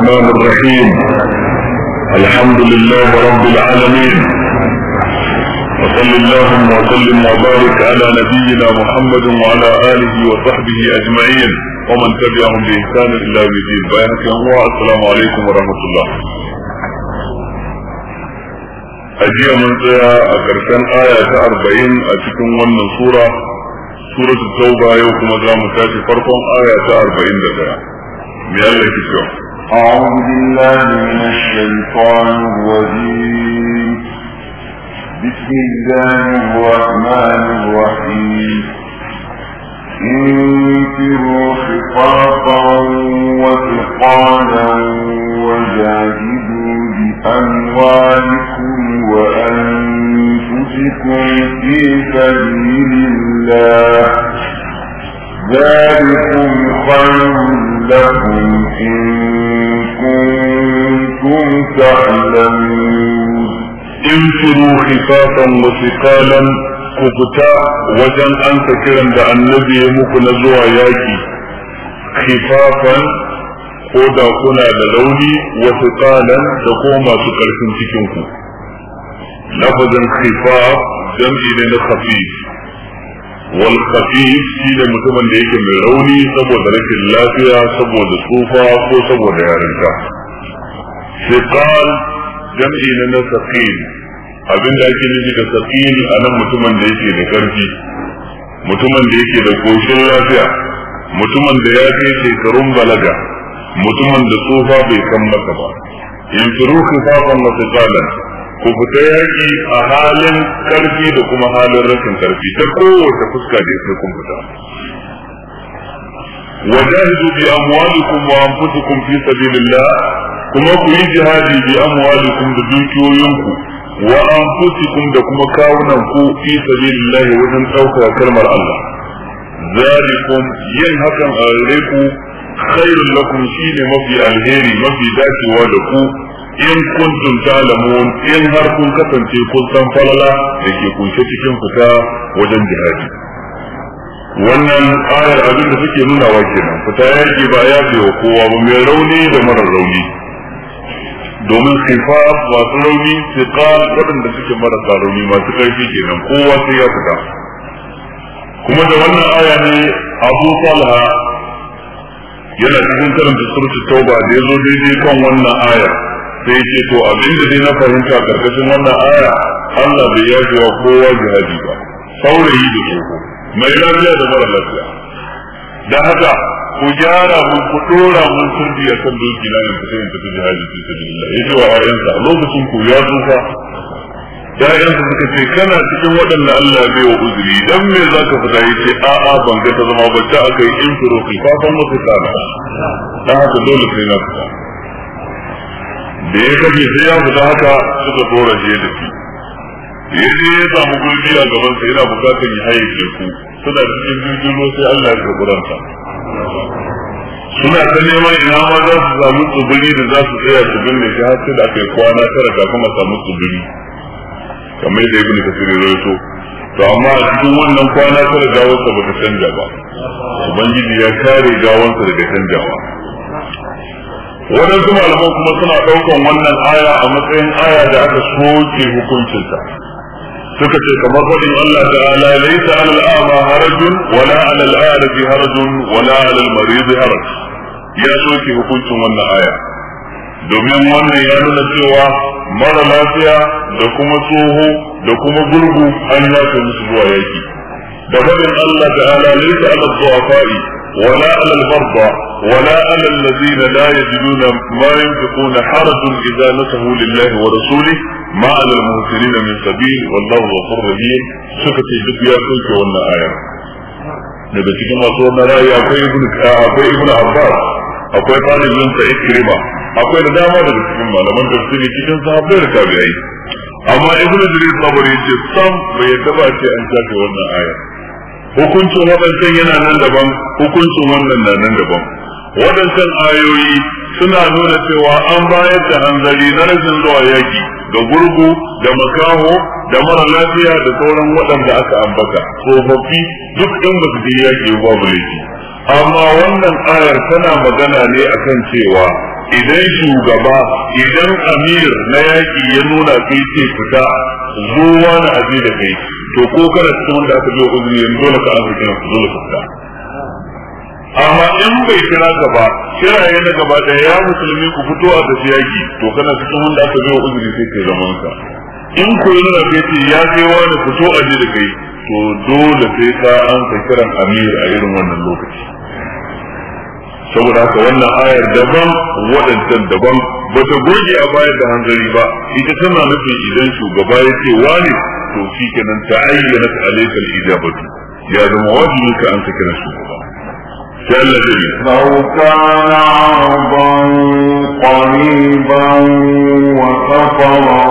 الرحمن الرحيم الحمد لله رب العالمين وصل اللهم وسلم وبارك على نبينا محمد وعلى اله وصحبه اجمعين ومن تبعهم باحسان الى يوم الدين بارك الله السلام عليكم ورحمه الله أجي من tsaya a آية aya ta arba'in سورة سورة wannan sura suratul tauba yau kuma za mu tashi farkon أعوذ بالله من الشيطان الرجيم بسم الله الرحمن الرحيم انفروا خفافا وثقالا وجاهدوا بأموالكم وأنفسكم في سبيل الله ذلكم خير لكم إن كنتم تعلمون انفروا خفافا وثقالا كبتا وجن أنت كرم دا النبي يمك نزوى ياكي خفافا koda kuna da launi wasu kalan da kuma masu ƙarfin cikinku lafazin khifaf jam'i ne na khafif wal shi da mutumin da yake mai rauni saboda rashin lafiya saboda tsufa ko saboda yarinta shiqal jam'i na na saqil abin da ake nufi da saqil anan mutumin da yake da karfi mutumin yake da koshin lafiya mutumin ya kai shekarun balaga mutumin tsufa bai kan maka ba yanfiru khifafan wa thiqalan ku fita yaƙi a halin ƙarfi da kuma halin rashin ƙarfi ta kowace fuska da ya kun fita wajahidu bi amwalikum wa anfusikum fi sabilillah kuma ku yi jihadi bi amwalikum da dukiyoyinku wa anfusikum da kuma kawunan ku fi sabilillah wajen ɗaukar kalmar Allah zalikum yin hakan a ku khairul lakum ne mafi alheri mafi dacewa da ku in kuntum ta'lamun in har kun kasance kun san falala da ke kunshe cikin fita wajen jihadi wannan ayar abin da suke nuna wa kenan fita yaki ba ya biyo kowa ba mai rauni da mara rauni domin sifa su rauni siƙa waɗanda suke marasa rauni masu ƙarfi kenan kowa sai ya fita kuma da wannan aya ne abu falha yana cikin karanta surutu tauba da ya zo daidai kan wannan aya sai ce to abin da dai na fahimta karkashin wannan aya Allah bai yaji wa kowa jihadi ba saurayi da tsoho mai lafiya da mara lafiya da haka ku gyara mu ku dora mun turbi a kan doki na yanzu sai tafi jihadi fi sabilillah yaji wa ayansa lokacin ku ya tsufa Ya'yansa suka ce kana cikin waɗanda Allah bai wa uzuri dan me za ka fita ya yace a'a ban ga ta zama ba ta aka yi in furo kifafan mutu kana dan haka dole sai na fita da ya kafe sai ya fita haka suka tsoron shi da su ya je ya samu gurbi a gaban sa yana bukatar ya haye ku. suna cikin jirgin ruwa sai Allah ya karɓi suna ta neman ina ma za su samu tsibiri da za su tsaya su binne shi har sai da aka yi kwana tara kafin kuma samu tsibiri kamar da ibn kasir ya so. to amma a cikin wannan kwana tara gawarsa ba ta canja ba ubangiji ya kare gawarsa daga canjawa waɗansu malaman kuma suna ɗaukan wannan aya a matsayin aya da aka soke hukuncinta suka ce kamar faɗin Allah ta'ala laysa 'alal a'ma harajun wala 'alal a'raj harajun wala 'alal marid haraj ya soke hukuncin wannan aya domin wannan ya nuna cewa mara lafiya da kuma tsoho da kuma gurgu an yafe musu zuwa yaki da faɗin Allah ta'ala laysa 'alal du'afa'i ولا على المرضى ولا على الذين لا يجدون ما ينفقون حرج إذا نسهوا لله ورسوله ما على المهتدين من سبيل والله غفور رحيم سكتي duk ya sauke wannan aya daga cikin masu wannan ra'ayi akwai ibn akwai ibn abbas akwai talibin sa ikrima akwai da dama daga cikin malaman tafsiri cikin sahabbai da tabi'ai amma ibn jarir tabari ce sam bai yadda ba ce an shafe wannan aya hukuncin waɗancan yana nan daban hukuncin wannan na nan daban waɗancan ayoyi suna nuna cewa an bayar da hanzari na rashin zuwa yaki da gurgu da makaho da mara lafiya da sauran waɗanda aka ambata tsofaffi duk ɗin ba su je yaki babu laifi amma wannan ayar tana magana ne akan cewa idan shugaba idan amir na yaki ya nuna kai ce fita zuwa na aje da kai to ko kana cikin wanda aka biyo uzuri yanzu dole ka an kira su dole ka amma in bai kira ka ba kiraye na gaba da ya musulmi ku fito a tafi yaki to kana cikin wanda aka biyo uzuri sai kai zaman ka in ko yana kai ce ya kai wani fito a ji da kai to dole sai ka an ka kiran amir a irin wannan lokaci saboda haka wannan ayar daban waɗancan daban ba ta goge a bayar da hanzari ba ita tana nufin idan shugaba ya ce wani to shi kenan ta ayyana ta alaikal ijabatu ya zama wajibi ka an ta kiran shugaba لو كان عرضا قريبا وسفرا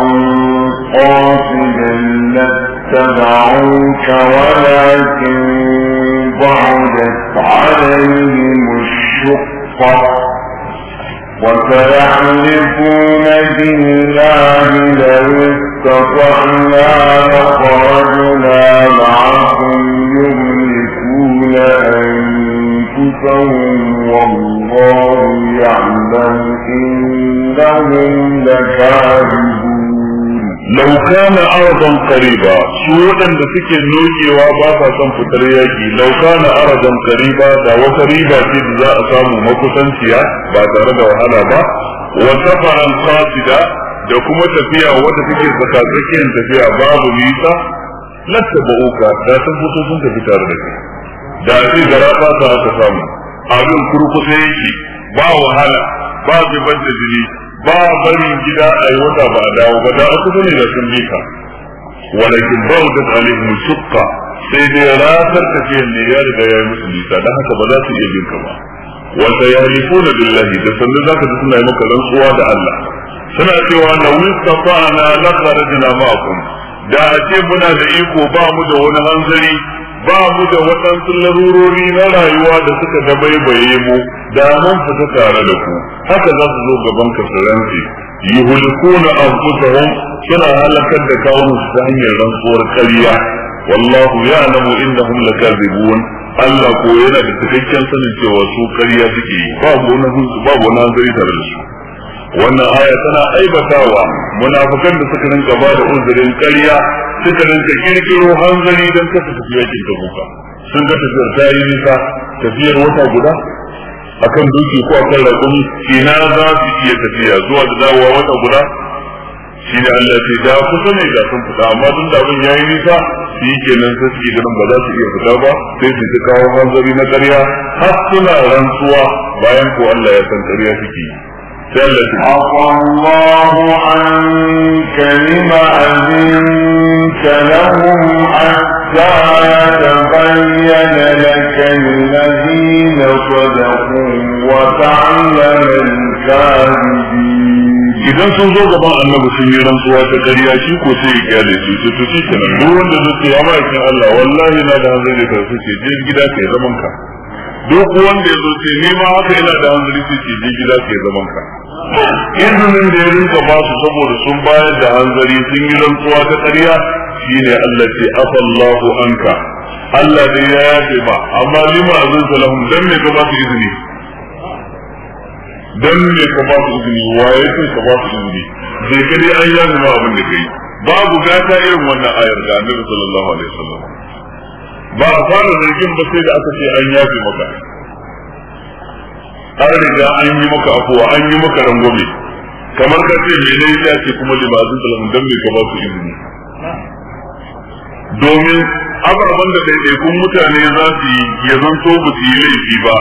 قاصدا لاتبعوك ولكن بعدت عليه الحق بالله لو استطعنا لخرجنا معكم أنفسهم والله يعلم إنهم لكاذبون lau kana aradan qariba su waɗanda suke nokewa ba son fitar yaki lau kana aradan qariba da wata riba ce da za a samu makusanciya ba tare da wahala ba wa safaran qasida da kuma tafiya wadda take tsakatsakiyar tafiya babu nisa latta ba'uka da sun fito sun tafi tare da kai da sai gara ba sa aka samu abin kurkusa yake ba wahala ba zubar da jini ba barin gida a yi wata ba a dawo ba da aka ne da sun bika. walakin ba da alaihi shukka sai dai ratar tafiyar ne ya riga ya yi musu nisa don haka ba za su iya bin ba wanda ya na billahi da sannu za ka suna yi maka rantsuwa da Allah suna cewa na wista fa'ana lakar jina ma'akum da a ce muna da iko ba mu da wani hanzari ba mu da waɗansu larurori na rayuwa da suka dabaibaye mu da mun fita tare da ku haka za su zo gaban ka su rantsi yuhlikuna anfusahum suna halakar da kawo su ta hanyar rantsuwar ƙarya wallahu ya'lamu innahum lakazibun Allah ko yana da cikakken sanin cewa su ƙarya suke yi babu wani hanzari tare da su wannan aya tana aibatawa munafikan da suka rinka ba da uzurin ƙarya suka rinka kirkiro hanzari don kasa tafiya da buka sun ga tafiyar ta yi nisa tafiyar wata guda akan duki ko kan rakumi kina za su iya tafiya zuwa da dawowa wata guda shi ne Allah ce da kusa sani da sun fita amma tun da abin yayi nisa shi kenan sai suke ganin ba za su iya fita ba sai su kawo hanzari na ƙarya har suna rantsuwa bayan ko Allah ya san ƙarya suke yi عفى الله عنك لما أذنت لهم حتى يتبين لك الذين صدقوا وتعلم الكاذبين idan sun zo gaban annabi sun yi rantsuwa ta ƙarya shi ko sai ya kyale su su to kenan duk wanda zai ce ya Allah wallahi na da hanzari da su ce je gida kai zaman ka duk wanda ya zo ce ma haka yana da hanzari sai jirgi za su ke zaman ka izinin da ya rinka ba su saboda sun bayar da hanzari sun yi rantsuwa ta ƙarya shine Allah ce afallahu anka Allah dai ya yafe ba amma lima azin salahum don me ka ba su izini Don me ka ba su izini waye kai ka ba su izini bai kai an yafe ma abin da kai babu gata irin wannan ayar da Annabi sallallahu alaihi wasallam ba a fara zargin ba sai da aka ce an yafe maka an riga an yi maka afuwa an yi maka rangwame kamar ka ce mai nai ya ce kuma limazin talahun don mai gaba su izini domin abarban da ɗaiɗaikun mutane za su yi ya zanto ba su yi laifi ba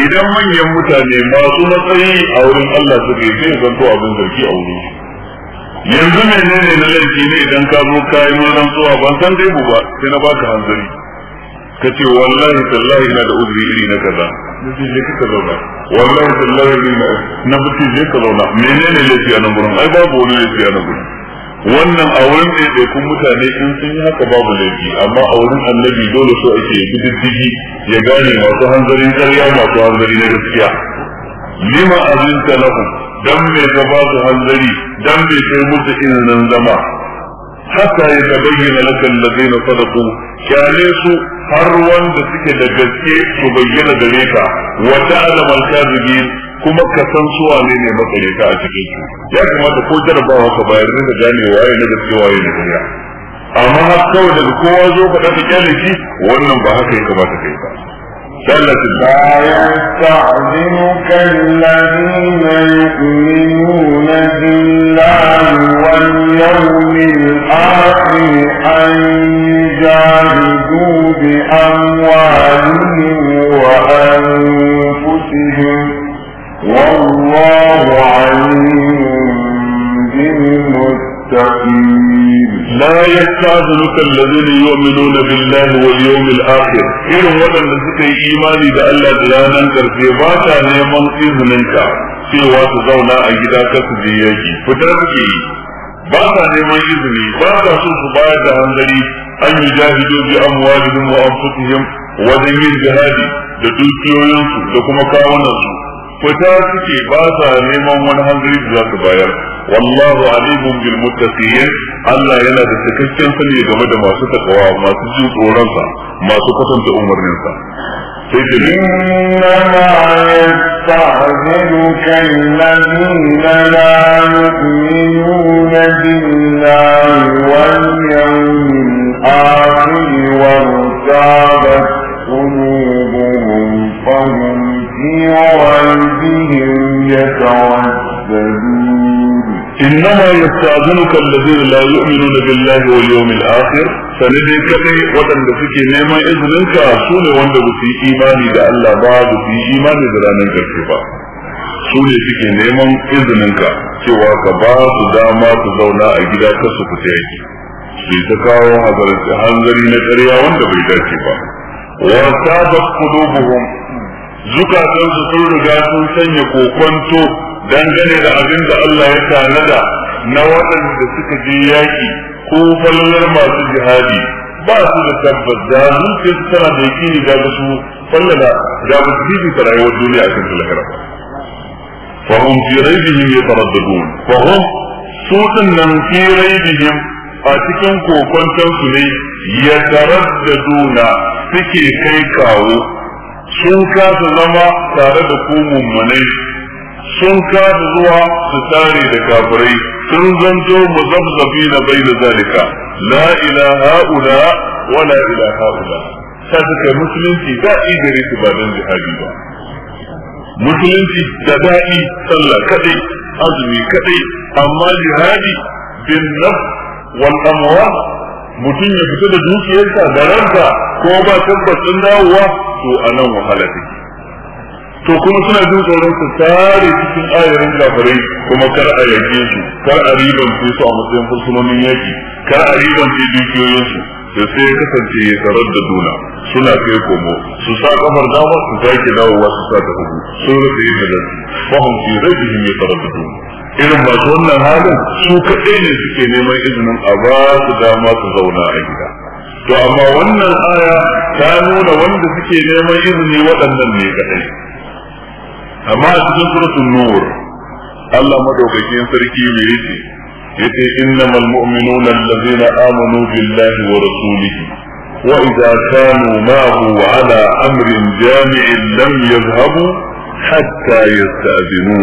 idan manyan mutane masu matsayi a wurin Allah su ke sai zanto abin zargi a wurin yanzu ne na laifi ne idan ka zo kayan rantsuwa ban san dai ba sai na baka hanzari ka ce wallahi tallahi na da uzuri iri na kaza Mutum je ka zauna wallahi tallahi iri na na mutum je ka zauna menene laifi na gurin ai babu wani laifi na gurin wannan a wurin ɗaiɗaikun mutane in sun yi haka babu laifi amma a wurin annabi dole so ake yi diddigi ya gane masu hanzarin ƙarya masu hanzari na gaskiya lima azinta lahum dan me ka ba su hanzari dan me kai musu izinin zama hatta ya tabayyana lakal ladina sadaqu kyale su har wanda suke da gaske su bayyana gare ka wa ta'lamal kadhibin kuma ka san su wane ne makareta a cikin su ya kamata ko jarabawa ka bayar da gane waye na gaske waye na ƙarya amma har kawai daga kowa zo ka dafa shi wannan ba haka ya kamata kai ba سلت لا يستعذنك yu'minuna billahi wal yawmil akhir أن بأموالهم وأنفسهم والله عليم بالمتقين لا يستأذنك الذين يؤمنون بالله واليوم الآخر إن ولن تكي إيماني بألا دلانا كرتباتا نيمان إذنك cewa su zauna a gida ta su je yaki fitar suke yi ba sa neman izini ba sa so su bayar da hanzari an yujahidu bi amwalihim wa anfusihim wajen yin jihadi da dukiyoyinsu da kuma kawunansu fita suke ba sa neman wani hanzari da za su bayar wallahu alimun bil muttaqin Allah yana da cikakken sani game da masu takawa masu jin tsoron sa masu kwatanta umarnin sa إنما يستعجلك الذين لا يؤمنون بالله واليوم الآخر وارتابت قلوبهم فهم في ريبهم يترددون إنما يستعجلك الذين لا يؤمنون بالله واليوم الآخر sani dai kadai waɗanda suke neman izininka su ne wanda ba su yi imani da Allah ba su yi imani da ranar karfe ba su ne suke neman izininka cewa ka ba su dama su zauna a gida ta su fita yake, bai ta kawo hanzari na karya wanda bai dace ba wa ku qulubuhum zukatan su sun riga sun sanya kokonto dangane da abin da Allah ya tanada na waɗanda suka je yaki ko falalar masu jihadi ba su da tabbas da zuciya su tana da ne ga su fallala ga su bibi ta rayuwar duniya a kan lahira fa hum fi raybihim yataraddadun fa hum su nan fi yin a cikin kokonton su ne yataraddaduna suke kai kawo sun kasa zama tare da ku mummunai sun kafa zuwa su tare da kafirai sun zanto muzabzabi na bai da zalika la ilaha ula wa la ta suka musulunci da igare su ba don jihadi ba musulunci da da'i sallah kadai azumi kadai amma jihadi bin naf wal mutum ya fita da dukiyarsa da ranka ko ba tabbacin dawowa to anan wahala take to kuma suna jin tsoron su tare cikin ayarin kafirai kuma kar a yake su kar a riban su su a matsayin fursunonin yaki kar a riban su dukiyoyin su da sai kasance ya sarar da duna suna kai komo su sa kamar dama su sake dawowa su sa ta hudu sun rasa yin da zafi fahim fi rajihim ya sarar da duna irin masu wannan halin su kaɗai ne suke neman izinin a ba su dama su zauna a gida to amma wannan aya ta nuna wanda suke neman izini waɗannan ne kaɗai amma a cikin suratul nur Allah madaukakin sarki ne yake yace innamal mu'minuna allazina amanu billahi wa rasulihi wa idza kanu ma'ahu ala amrin jami'in lam yadhhabu hatta yasta'zinu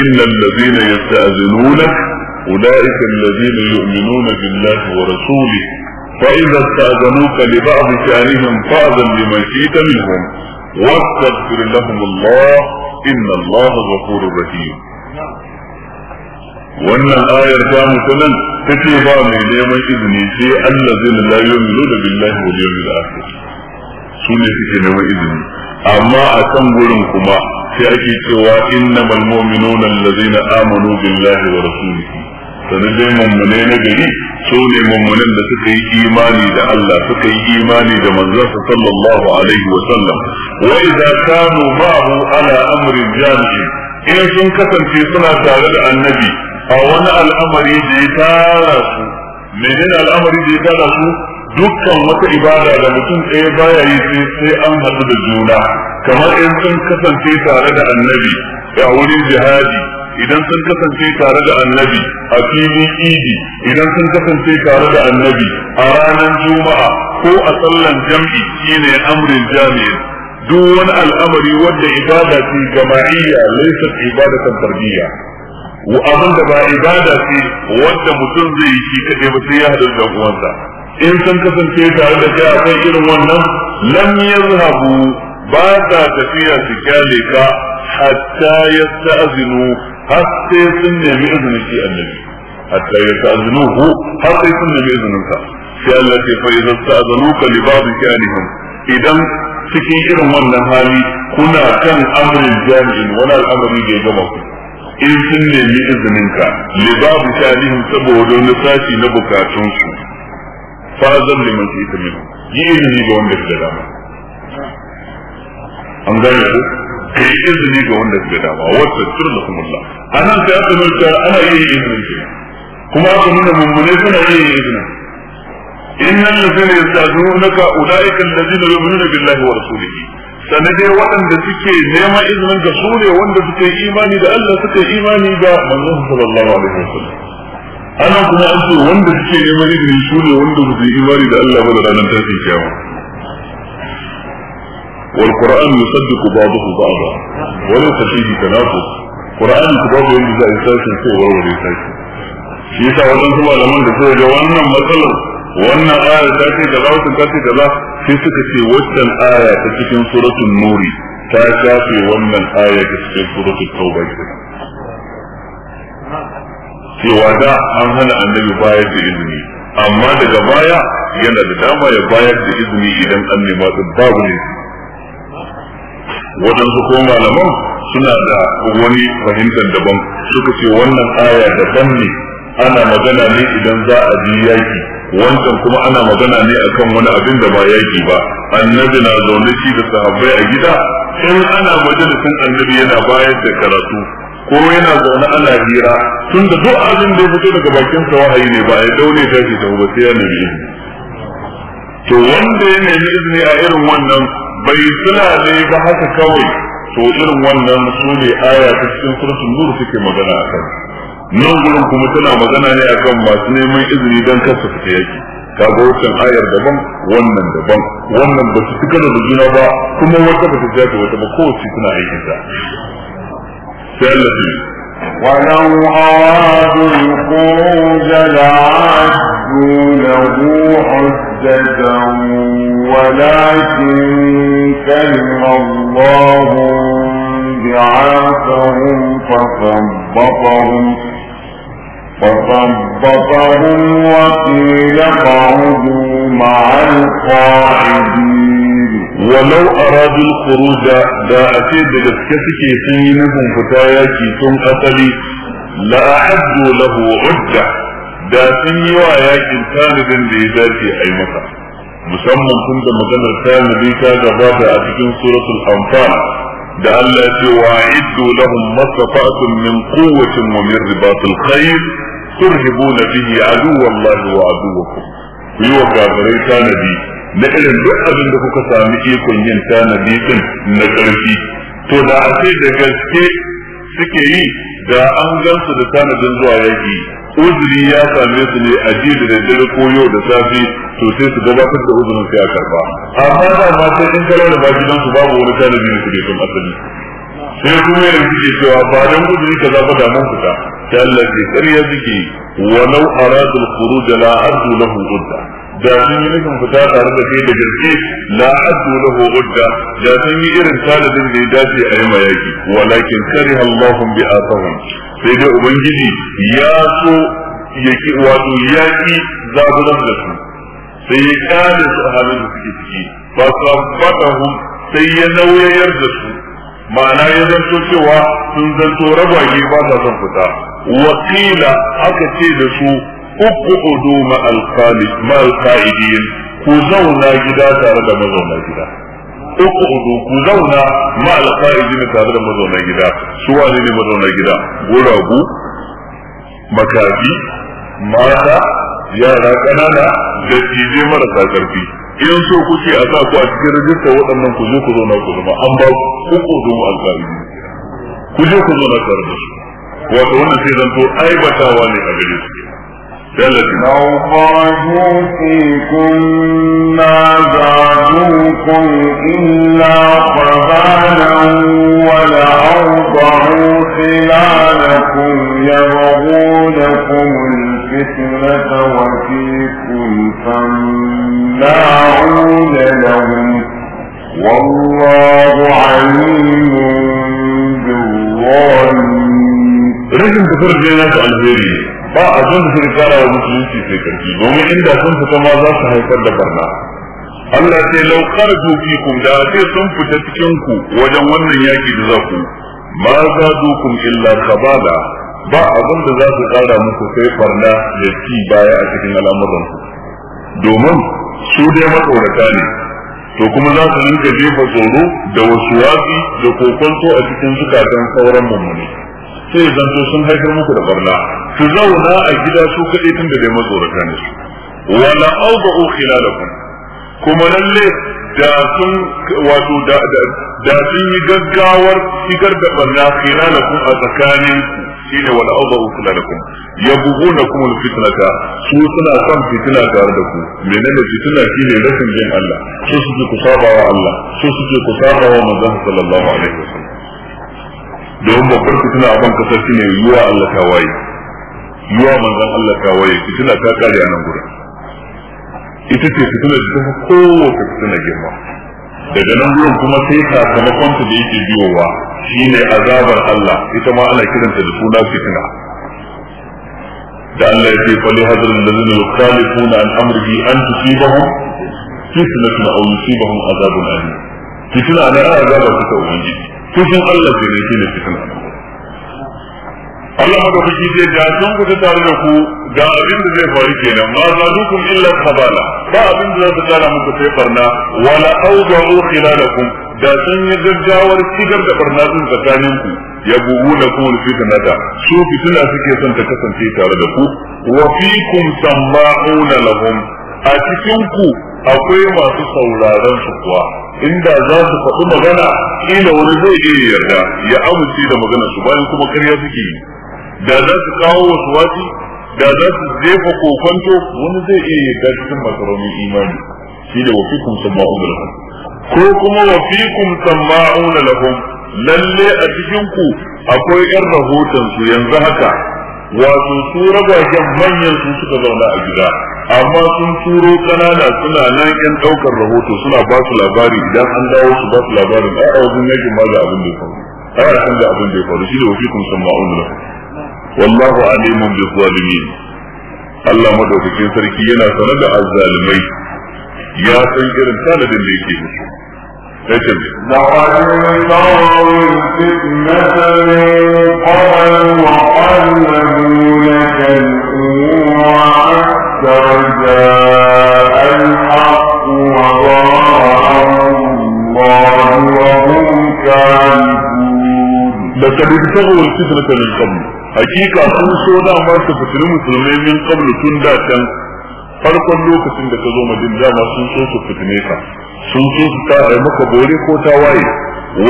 illa allazina yasta'zinunaka أولئك الذين يؤمنون بالله ورسوله فإذا استأذنوك لبعض شأنهم فأذن لمن شئت منهم واستغفر لهم الله إن الله غفور رحيم wannan ayar ta mutunan ta ce ba mai neman izini sai Allah zai la yomino da billahi wa yomino da su ne suke neman izini amma a kan gurin kuma sai ake cewa innamal mu'minuna allazina amanu billahi wa rasulihi sanin dai mummune na gari su ne mummunan da suka yi imani da Allah suka yi imani da manzansa sallallahu alaihi wa sallam وإذا كانوا معه على أمر جامع إن sun kasance suna tare da annabi a wani al'amari da ya tara su menene al'amari da ya tara su dukkan wata ibada da mutum ɗaya baya yi sai an haɗu da juna kamar 'yan sun kasance tare da annabi a jihadi idan sun kasance tare da annabi a filin idi idan sun kasance tare da annabi a ranar juma'a ko a sallan jam'i shine amrin jami'i duk wani al'amari wanda ibada ce jama'iyya laysa ibadatan fardiyya wa abin da ba ibada ce wanda mutum zai yi shi kade ba sai ya hadu da uwansa in sun kasance tare da kai akwai irin wannan lam yazhabu ba ta tafiya su kyale ka hatta yasta'zinu har sai sun nemi izinin shi annabi hatta yasta'zinuhu har sai sun nemi izinin sa sai Allah ya fa yasta'zinuka li ba'd sha'anihim idan cikin irin wannan hali kuna kan amrin jami'in wani al'amari da ya gama ku in sun nemi izinin ka li babu shalihin saboda wani sashi na bukatun su zan liman shi ita minu yi izini ga wanda da dama an gane ku ka yi izini ga wanda da dama wata sirna kumulla a nan sai aka nuna ana yi yin izinin kuma aka nuna mummune suna yi yin izinin innal ladzina yastazunaka ulaika alladzina yu'minuna billahi wa rasulihi sanade waɗanda suke neman izinin ga su ne wanda suke imani da Allah suke imani da Allah sallallahu alaihi wasallam ana kuma an ce wanda suke neman izinin su ne wanda su imani da Allah ba da ranar tashin kyawa. wal qur'an yusaddiqu ba'dahu ba'da wa la tashihi tanafus qur'an ku babu yanda za a yi sashin sai warware sashin shi yasa wadansu malaman da suka ga wannan matsalar wannan aya ta ce kaza su ta ce kaza sai suka ce wannan aya ta cikin suratul nuri ta shafe wannan aya ta cikin suratul tauba cewa da an hana annabi bayar da izini amma daga baya yana da dama ya bayar da izini idan an nema su babu ne waɗansu ko malaman suna da wani fahimtar daban suka ce wannan aya daban ne ana magana ne idan za a ji yaki wancan kuma ana magana ne akan wani abin da ba yaki ba annabi na zaune shi da sahabbai a gida in ana majalisin annabi yana bayar da karatu ko yana zaune ana hira tun da duk abin da ya fito daga bakin sa wahayi ne ba ya daune ta shi ba sai ya nemi to wanda ya nemi izini a irin wannan bai suna ne ba haka kawai to irin wannan su ne aya ta cikin suratul nur suke magana akan nan gurin kuma tana magana ne akan masu neman izini don kasa fita yaki kaga wancan ayar daban wannan daban wannan ba su cika da juna ba kuma wata ba ta jaje wata ba kowace tana aikin ta sai Allah ولو أرادوا الخروج لعدوا له حجة ولكن كلم الله بعاثهم فثبطهم فثبطهم وقيل اقعدوا مع القاعدين ولو أرادوا الخروج دا أكيد لسكتك سينهم فتاياكي ثم أتلي لأعدوا له عدة دا سنيوا ياكي تاند لذاتي أي مكان musamman tun da maganar tanadi ta gabata a cikin suratul anfal da Allah ya ce wa iddu lahum mastata'tum min quwwatin wa min ribatil khayr turhibuna bihi aduwallahi wa aduwakum ku yi wa kafirai tanadi na irin duk abin da kuka sami ikon yin tanadi din na ƙarfi to da a da gaske suke yi da an gansu da tanadin zuwa yaki uzuri ya same su ne a ji da daddare ko da safe to su gabatar da uzurin sai a karba amma da ma sai in kare da bajinan su babu wani tanadi da suke sun asali sai kuma yanzu ke cewa ba dan ta kaza ba da mun fita tallafi ƙarya suke walau aradul khuruj la ardu lahu udda da sun yi nufin fita tare da kai da gaske la ardu lahu da sun yi irin talibin da ya dace a yi mayaki walakin kariha Allahu bi asahum sai dai ubangiji ya so yaki wato yaki zaburan da su sai ya kare su halin da suke ciki fa sabbatahum sai ya nauyayar da su ma'ana ya zanto cewa sun zanto ragwage ba sa son fita wakila aka ce da su uqudu مع al كزونا جدا تارد مزونا ku zauna gida tare da mazauna gida جدا ku zauna جدا tare da mazauna gida su wane ne mazauna makafi mata yara ƙanana, karfi in so ce a sa ku a cikin rajista waɗannan ku zo ku na ku zama an ba ku uqudu ma ku je ku zo na ku zama wato wannan sai اي aibatawa ne a gare su لو خرجوا فيكم ما زادوكم إلا قبالا ولأوضعوا خلالكم يبغونكم الفتنة وفيكم عون لهم والله عليم rashin tafiyar da ta alheri ba a zan da suka wa musulunci sai karfi domin inda sun fita ma za su haifar da barna Allah sai lau kharaju fikum da sai sun fita cikin ku wajen wannan yaki da za ku ma za illa kabala ba abin da za su kara muku sai barna da ci baya a cikin al'amuran domin su dai matsorata ne to kuma za su rinka jefa tsoro da wasu wasi da kokonto a cikin zukatan sauran mummuni sai zanto sun haifar muku da barna su zauna a gida su kaɗai tun da bai mazorata ne su wala awba'u khilalakum kuma lalle da sun wato da da sun yi gaggawar shigar da barna khilalakum a tsakanin shine wala au awba'u khilalakum yabghunakum alfitnata su suna son fitina tare da ku menene fitina shine rashin jin Allah su suke ku sabawa Allah su suke ku sabawa manzon sallallahu alaihi wasallam domin babbar fitina a ban kasar shine yiwa Allah tawaye yiwa manzan Allah tawaye fitina ta kare a nan gurin ita ce fitina da ta kowace fitina girma daga nan gudun kuma sai sakamakon ta da yake biyowa shine azabar Allah ita ma ana kiranta da suna fitina da Allah ya ce fali hadar lalazina yukhalifuna an amurki, an suna tusibahum fitnatun aw yusibahum azabun alim fitina ne a azabar ta ubangiji fushin Allah ke ne shine fitina Allah maka fushi ce da sun kuta tare da ku ga abin da zai faru kenan ma za illar illa khabala ba abin da za su tsara muku sai barna wala awda'u khilalakum da sun yi gaggawar cigar da barna sun tsakanin ku ya bugu da kuma da ta su fitina suke son ta kasance tare da ku wa fikum samma'una lahum a cikin ku akwai masu sauraron su kuwa inda za su faɗi magana ina wani zai iya yarda ya amince da magana su bayan kuma karya suke yi da za su kawo wasu wati da za su jefa kokonto wani zai iya yarda cikin makaronin imani shi da wafikun sama'un lahum ko kuma wafikun sama'un lahum lalle a cikin ku akwai yan rahoton su yanzu haka wato su ragwagen manyan su suka zauna a gida amma sun turo kanana suna nan yan daukar rahoto suna ba su labari idan an dawo su ba su labarin a wajen yakin ma ga abin da ya faru a yakin da abin da ya faru shi da wafi kun san ma'un lafi wallahu alimun bi zalimin Allah madaukakin sarki yana sanar da azzalimai ya san irin tanadin da yake musu لكن لقد انتظروا الفتنة من قبل وقلبوا لك الأمور لقد ابتغوا الفتنة من قبل حقيقة sun so dama su fitini musulmai min qablu tun da can farkon lokacin da ka zo madina dama sun so su fitine ka sun so su ta ai maka bore ko ta waye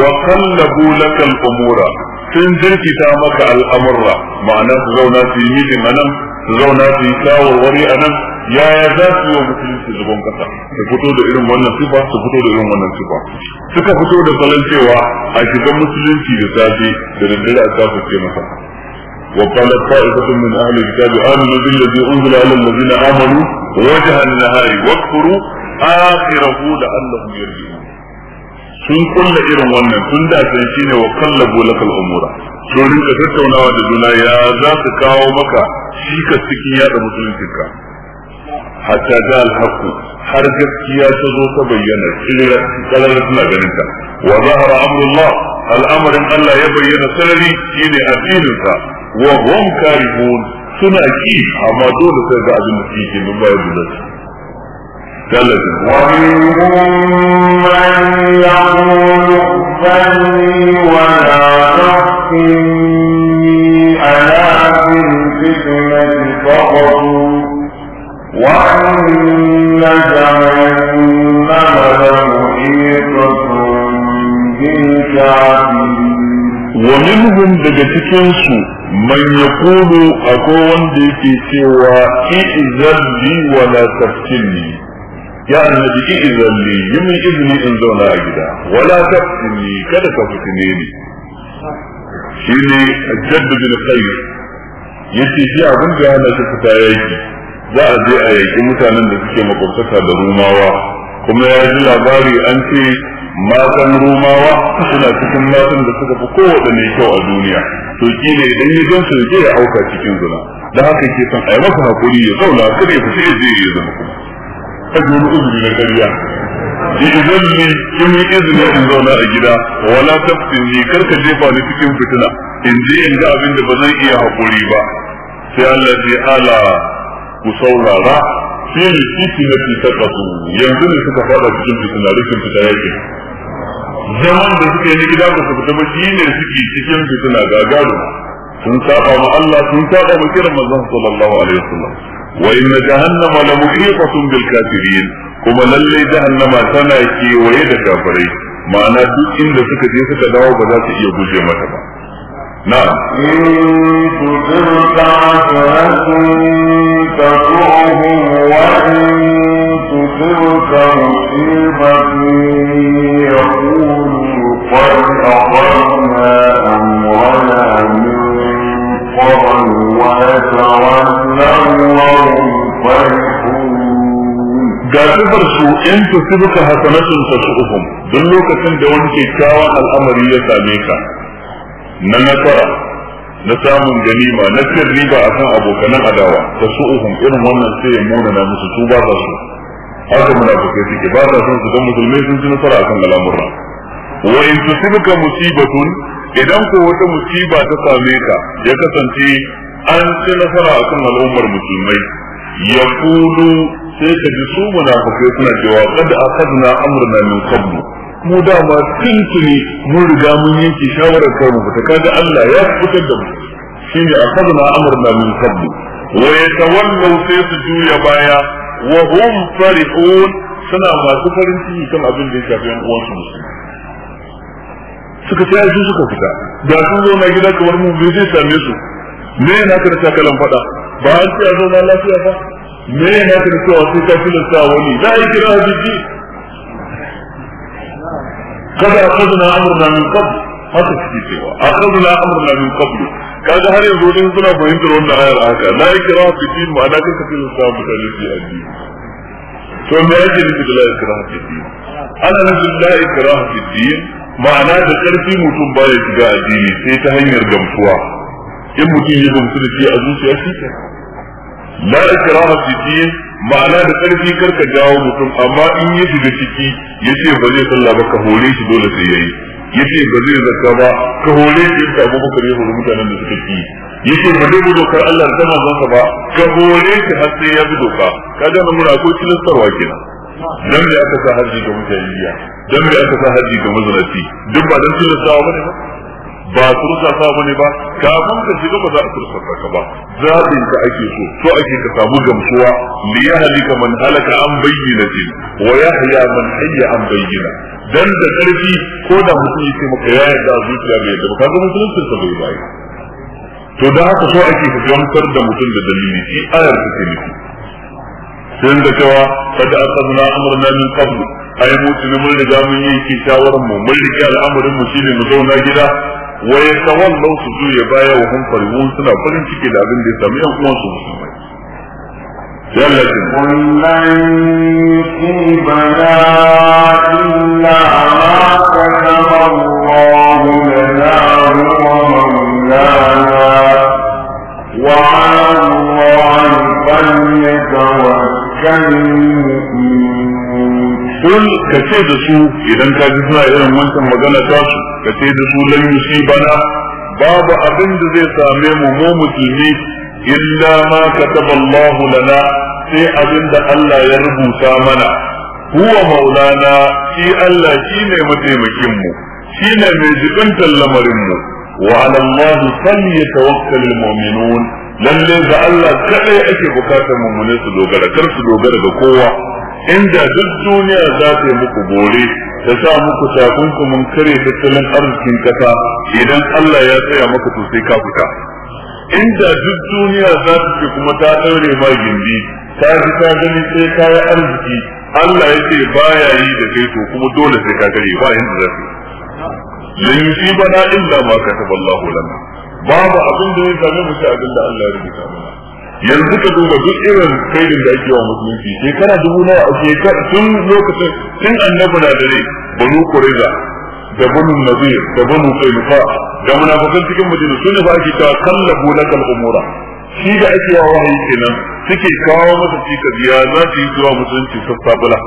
wa qallabu lakal umura sun jirkita maka al'amurra ma'ana su zauna su yi mijin anan su zauna su yi shawarwari a nan yaya za su yi wa musulunci zagon kasa su fito da irin wannan sifa su fito da irin wannan sifa suka fito da salon cewa a shiga musulunci da safe da daddare a kafirce masa وقالت طائفة من أهل الكتاب آمنوا بالذي أنزل على الذين آمنوا وجه النهار واكفروا آخره لعلهم يرجعون sun kulla irin wannan tun da sun shine wa kallabu lakal umura sun rinka tattaunawa da juna ya za su kawo maka shi ka cikin yada musuluncinka hatta da alhaku har gaskiya ta zo ta bayyana kalar suna ganin ta wa zahara amrullah al'amarin Allah ya bayyana sarari shine addininsa wa hum karihun suna ki amma dole sai ga abin da suke nan ba ya ومنهم من يقول ائذني ولا تفتني ألا في الفتنة فقروا وأن جهنم لمحيطة بالكافرين ومنهم دجتكنسو man ya kulu akwai wanda yake cewa izan bi wala tafkin ya annabi izalli yi min izini in zauna a gida wala tafsini kada ka fitine ni shi ne jaddu bin qayyim yace shi abin da yana shi fita yaki za a je a yaki mutanen da suke makwabtaka da rumawa kuma ya ji labari an ce matan rumawa suna cikin matan da suka fi kowaɗanne kyau a duniya to ki ne idan ya gan su ya auka cikin zina da haka ke san a yi masa hakuri ya zauna kada ya fita ya je zama kuma kaji wani uzuri na ƙarya idan ne kin yi izini in zauna a gida wala tafsin ni karka jefa ni cikin fitina in je in ga abin da ba zan iya haƙuri ba sai Allah ya ala ku saurara shi ne kiki na fitar da su yanzu ne suka fada cikin fitina rikin fita yake zaman da suka yi na gida ba su fita ba shi ne suke cikin fitina gagaru sun saba ma Allah sun saba ma kiran manzon sallallahu alaihi wasallam وإن جهنم لمحيطة بالكافرين كما للي جهنم سنة كي ويد كافري ما نادي إن لسك جيسك دعو بذات يبوجي مكبا نعم إن تدرك عشرة تدعهم وإن تدرك مصيبة يقول قد أخذنا أمنا كفرا ويتولوا su in su sibuka hasanatun ta su'uhum duk lokacin da wani kyakkyawan al'amari ya same ka na nasara na samun ganima na cin riba akan abokanan adawa ta su su'uhum irin wannan sai ya muna na musu su ba sa su haka munafikai suke ba sa son su don musulmai sun ci nasara akan al'amura wa in su tusibuka musibatun idan ko wata musiba ta same ka ya kasance an ci nasara a kan al'ummar musulmai ya kulu sai ka ji su munafukai suna cewa kada a akadna amurna min kabu mu dama tuntuni mun riga mun yanke shawarar kai mu fita kada Allah ya fitar da mu shine akadna amurna min qablu wa wannan sai su juya baya wa hum farihun suna masu farin ciki kan abin da ya shafi yan uwansu musulmai suka ce shi suka fita da sun zo na gida kamar mun bai zai same su me yana ka da takalan fada ba an ce a zo na lafiya ba me yana ka da cewa sai ka tilasta wani za a yi kira hajji kada akhadna amruna min qabl haka suke cewa akhadna amruna min qabl kaga har yanzu din suna fahimtar wannan ayar haka la ikra fi din ma'ana kan ka tilasta mutane su yi addini to me yake nufi da la ikra fi din ana nufin la ikra fi din ma'ana da ƙarfi mutum baya shiga addini sai ta hanyar gamsuwa in mutum ya gamsu da shi a zuciya shi ke la ikraha fi din ma'ana da ƙarfi karka jawo mutum amma in ya shiga ciki yace ba zai sallah ba ka hore shi dole sai yayi yace ba zai zakka ba ka hore shi da Abu Bakar ya hore mutanen da suka ki yace ba zai bi kar Allah da manzon ba ka hore shi har sai ya bi doka kaga nan mura ko tilastarwa kenan dan me aka sa harji ga mutaliya dan me aka sa harji ga mazalafi duk ba dan tilastawa bane ba ba tursa sa bane ba kafin ka shiga ba za a tursa ka ba zabin ka ake so so ake ka samu gamsuwa li yahlika man halaka an bayyinatin wa ya yahya man hayya an bayyina dan da karfi ko da mutum yake maka ya yarda zuciya bai yarda ba kaga musulunci sa bai bayi. to da haka so ake ka gamsar da mutum da dalili shi ayar take nufi sun da cewa kada akhadna amrana min a yi mutu tuni mun riga mun yi ki shawaran mu mun riga al'amarin mu shine mu zauna gida wa yatawallu su ya baya wa hum farimun suna farin ciki da abin da ya sami yan uwansu musulmai قل لن يصيبنا إلا ما كتب Kun ka ce da su idan ka ji suna irin wancan magana ta su ka ce da su lan bana babu abin da zai same mu mu musulmi illa ma kataba Allah lana sai abin da Allah ya rubuta mana huwa maulana shi Allah shine mataimakin mu shine mai jibin lamarin mu wa ala Allah falyatawakkalul mu'minun lalle ga Allah kadai ake bukatar mummune su dogara kar su dogara ga kowa inda duk duniya za ta yi muku bore ta sa muku takunkumin kare tattalin arzikin kasa idan Allah ya tsaya maka to sai ka fita inda duk duniya za ta ce kuma ta daure ma gindi ta ji ta gani sai ka yi arziki Allah ya ce baya yi da kai to kuma dole sai ka gare ba yanda za ka yi lan yusiba na illa ma kataballahu lana babu abin da ya same mu sai abin da Allah ya rubuta mana yanzu ka duba duk irin kaidin da ake wa musulunci shekara dubu nawa a shekara tun lokacin tun annabi na dare banu qurayza da banu nazir da banu qainuqa da munafikan cikin madina sun da ake cewa kallabu lakal umura shi da ake wa wahayi kenan suke kawo masa cikas ya za su yi zuwa musulunci sassabula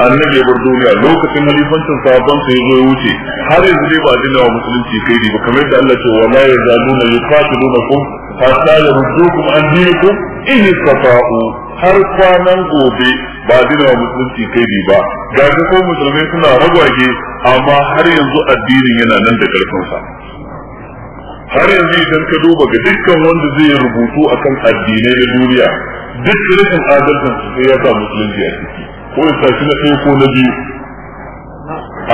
annabi ya bar duniya lokacin halifancin sabon sai zo ya wuce har yanzu dai ba dinna wa musulunci kai ne ba kamar da Allah ce wa la yazaluna yuqatilunakum hatta yurdukum an dinikum in istata'u har kwanan gobe ba dinawa wa musulunci kai ne ba ga ga ko musulmai suna ragwage amma har yanzu addinin yana nan da karfin sa har yanzu idan ka duba ga dukkan wanda zai rubutu akan addinai na duniya duk rashin adalcin su sai ya sa musulunci a ciki ko ya tashi na ɗaya ko na biyu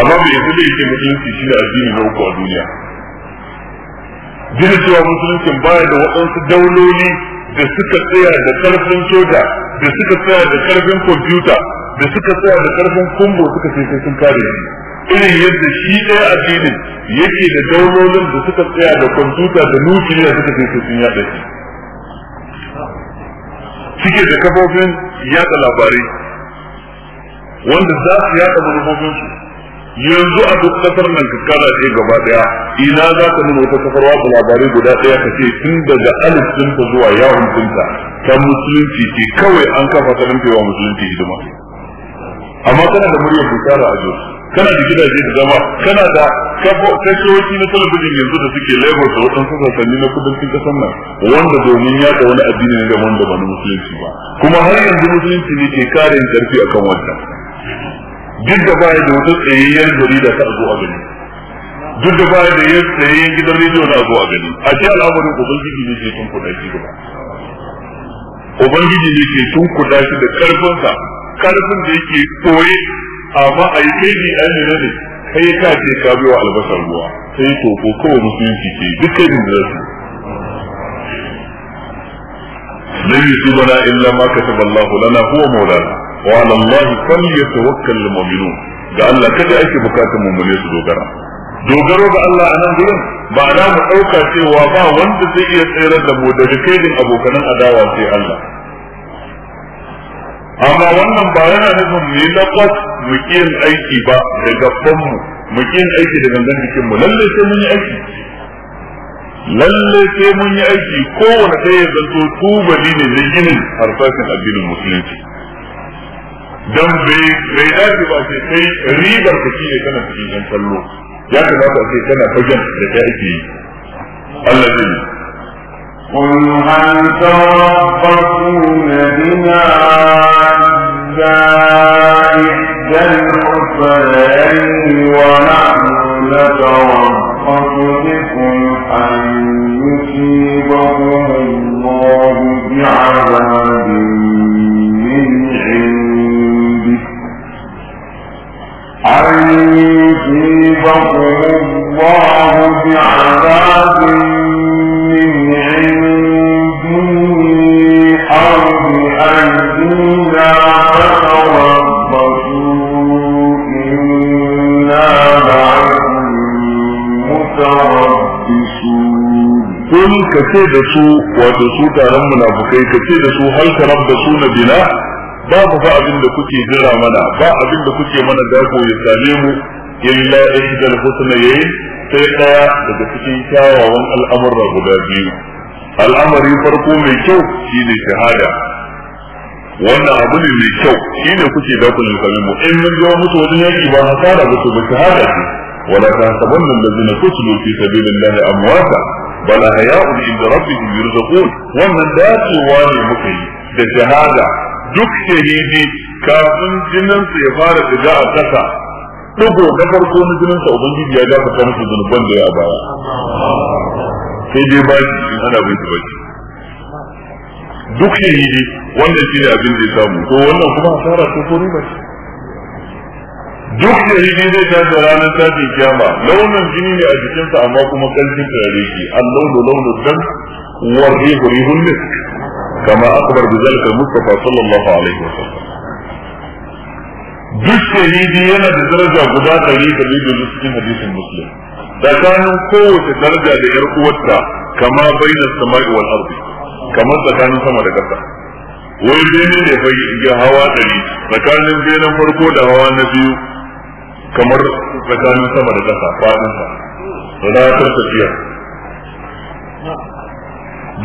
amma bai yasa da yake musulunci shi ne addini na uku a duniya jini cewa musuluncin baya da waɗansu dauloli da suka tsaya da ƙarfin soja da suka tsaya da ƙarfin kwamfuta da suka tsaya da karfin kumbo suka ce sun kare shi irin yadda shi ɗaya addinin yake da daulolin da suka tsaya da kwamfuta da nukiliya suka ce sun yaɗa shi suke da kafofin yaɗa labarai wanda za su yaɗa manufofinsu yanzu a duk kasar nan ka kala ce gaba daya ina za ka nuna wata kasar watsa labarai guda daya ka ce tun daga alif ɗinta zuwa yawon ɗinta ta musulunci ce kawai an kafa ta wa musulunci hidima amma kana da muryar bukara a jos kana da gidaje da zama? kana da kashoshi na talabijin yanzu da suke lagos da waɗansu sassanni na kudancin ƙasar nan wanda domin ya ga wani addini ne da wanda ba na musulunci ba kuma har yanzu musulunci ne ke karin karfi akan wannan duk da baya da wata tsayayyar jarida ta abu a gani duk da baya da yin tsayayyar gidan rediyo na abu a gani a ce al'amarin ubangiji ne ke tun kuɗa shi gaba ubangiji ne ke tun da shi da karfinsa karfin da yake koye amma a yi kai ne an nuna ne kai ka ce ka biyo albasar ruwa sai toko kawai musulunci ke duk kai da su لن يصيبنا إلا ما كتب الله لنا هو مولانا wa الله Allah falyatawakkal mu'minun ga Allah kada ake bukatar mu'mine su dogara dogaro ga Allah a nan gurin ba na mu ɗauka cewa ba wanda zai iya tsere da mu daga kaidin abokanan adawa sai Allah amma wannan ba yana nufin mu yi lakwas mu aiki ba da gaban gangan jikin mu lalle sai mun yi aiki lalle sai mun yi aiki ɗaya zanto tubali ne na ginin harsashin addinin musulunci don bai dace ba ce kai ribar ka shi ne kana cikin yan kallo ya ka zaka ce kana fagen da ta ake yi Allah zai قل هل تربصون بنا إحدى الحسنين ونحن نتربص بكم أن يصيبكم الله بعذاب يصيبكم الله بعذاب من عنده أو بأيدينا فتربصوا إنا معكم متربصون قل كسيدسوا وتسوتا رمنا بكي كسيدسوا هل تربصون بنا babu ba abin da kuke jira mana ba abin da kuke mana dako ya same mu illa ihdal yayi sai daya daga cikin kyawawan al'amurra guda biyu al'amari farko mai kyau shine shahada wannan abu ne mai kyau shine kuke da kullun kalmin mu in mun ga musu wani yaki ba hasara ba to ba shahada ce wala tahsabanna allazina qutilu fi sabilillahi amwata bal ahya'un inda rabbihim yurzaqun wannan dacewa ne muka yi da shahada duk shahidi kafin jininsa ya fara shiga a kasa dugo na farko na jinin sa ubangiji ya gafarta musu zunuban da ya a baya sai dai ba shi ana bai ba shi duk shahidi wannan shi ne abin da ya samu ko wannan kuma asara ko ko riba ce duk shahidi zai tashi ranar tashi kiyama launin jini ne a jikinsa amma kuma kalcin turare shi allaunu launin dan warri hurihun misk kama akbar bizalika mustafa sallallahu alaihi wasallam duk shahidi yana da daraja guda ɗari da biyu da cikin hadisin muslim tsakanin kowace daraja da yar uwarta kama baina samai wal ardi kamar tsakanin sama da ƙasa wai dai ne fa ya hawa ɗari tsakanin benen farko da hawa na biyu kamar tsakanin sama da ƙasa faɗin sa da na tafiya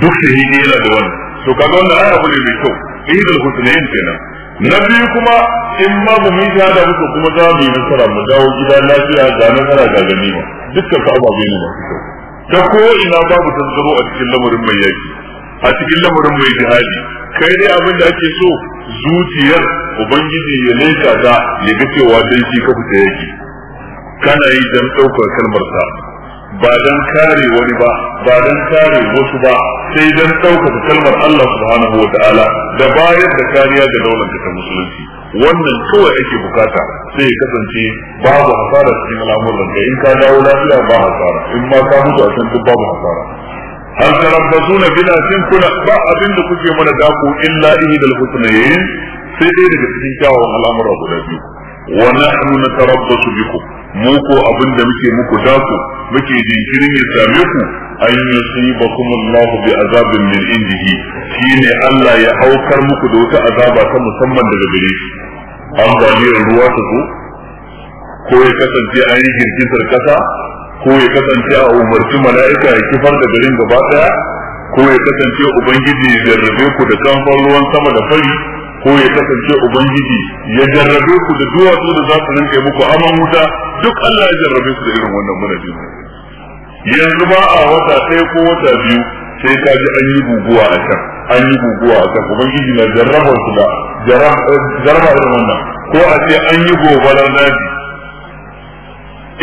duk shahidi yana da wannan to kaga wannan ayyuka ne mai kyau idan husnain kenan na biyu kuma in ma mu yi shahada muka kuma za mu yi nasara mu dawo gida lafiya ga nasara ga ba dukkan su ababe ne masu kyau ta ko ina babu tantaro a cikin lamarin mai yaki a cikin lamarin mai jihadi kai dai abin da ake so zuciyar ubangiji ya leka ta ya ga cewa dai shi ka fita yaki kana yi dan ɗaukar kalmar sa ba don kare wani ba ba don kare wasu ba sai dan ɗaukaka kalmar Allah subhanahu wa ta'ala da bayar da kariya ga daular ta musulunci wannan kawai ake bukata sai ya kasance babu hasara cikin al'amuran ka in ka dawo lafiya ba hasara in ma ka mutu a can duk babu hasara hal tarabbasuna bina sin kuna ba abin da kuke mana dako illa ihdal husnayn sai dai daga cikin kyawawan al'amura guda biyu wa nahnu natarabbasu bikum mu ko abin da muke muku dako muke jinkirin ya same ku an yusibakum Allah bi azabin min indihi shine Allah ya haukar muku da wata azaba ta musamman daga gare ambaliyar ruwa ta zo ko ya kasance an yi girgizar ƙasa, ko ya kasance a umarci mala'ika ya kifar da garin gaba daya ko ya kasance ubangiji ya jarrabe ku da kamfan ruwan sama da fari ko ya kasance ubangiji ya jarrabe ku da duwatsu da za su rinka muku aman wuta duk Allah ya jarrabe su da irin wannan murabi yanzu ba a wata ɗaya ko wata biyu sai ka ji an yi guguwa a can an yi guguwa a can ubangiji na jarrabar su da eh, jarraba irin wannan ko a ce an yi gobarar daji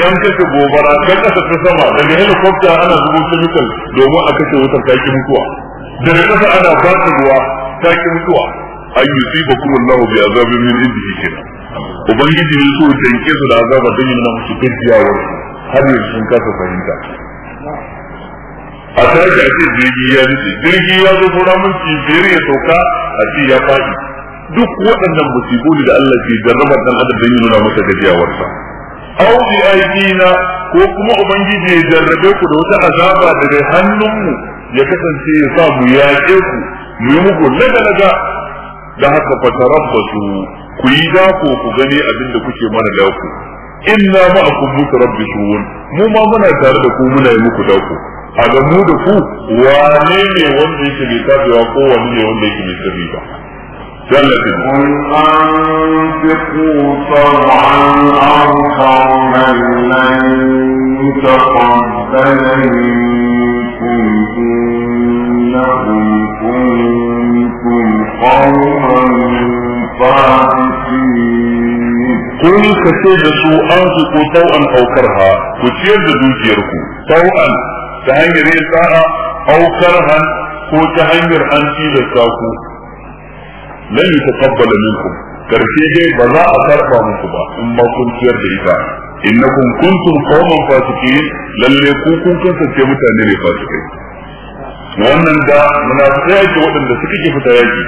yan kashe gobara kan kasa ta sama daga helicopter ana zubo chemical domin a kashe wutar ta mutuwa daga kasa ana ba ruwa ta mutuwa an kuma Allah bi azabin min yake kenan ubangiji ne so da yake su da azaba dan yana musu kiyawar har yanzu sun kasa fahimta a tashi a ce jirgi ya nufi jirgi ya zo ko ramunci biyar ya sauka a ce ya faɗi duk waɗannan musibu ne da Allah ke jarraba dan adam dan yana masa gajiyawarsa au bi aidina ko kuma ubangiji ya jarrabe ku da wata azaba daga hannunmu ya kasance ya sa mu yaƙe ku mu yi muku laga laga da haka fatarabbasu ku yi dako ku gani abin da kuke mana dako inna ma'akum mutarabbisun mu ma muna tare da ku muna yi muku dako a ga mu da ku wane ne wanda yake mai tabewa ko wani ne wanda yake mai sirri ba جلد قل أنفقوا طوعا أو حرما لن يتقبل منكم إنهم كنتم قوما فاسقين kun ka ce da su an su ko tau'an aukar ha ku ciyar da dukiyarku tau'an ta hanyar yin sa'a aukar ha ko ta hanyar an ci da saku lan yi taqabbala minkum karshe dai ba za a karba muku ba in ba kun ciyar da ita innakum kuntum qauman fasiqin lalle ku kun kasance mutane ne fasikai wannan da muna tsaya ake waɗanda suka ke fita yaki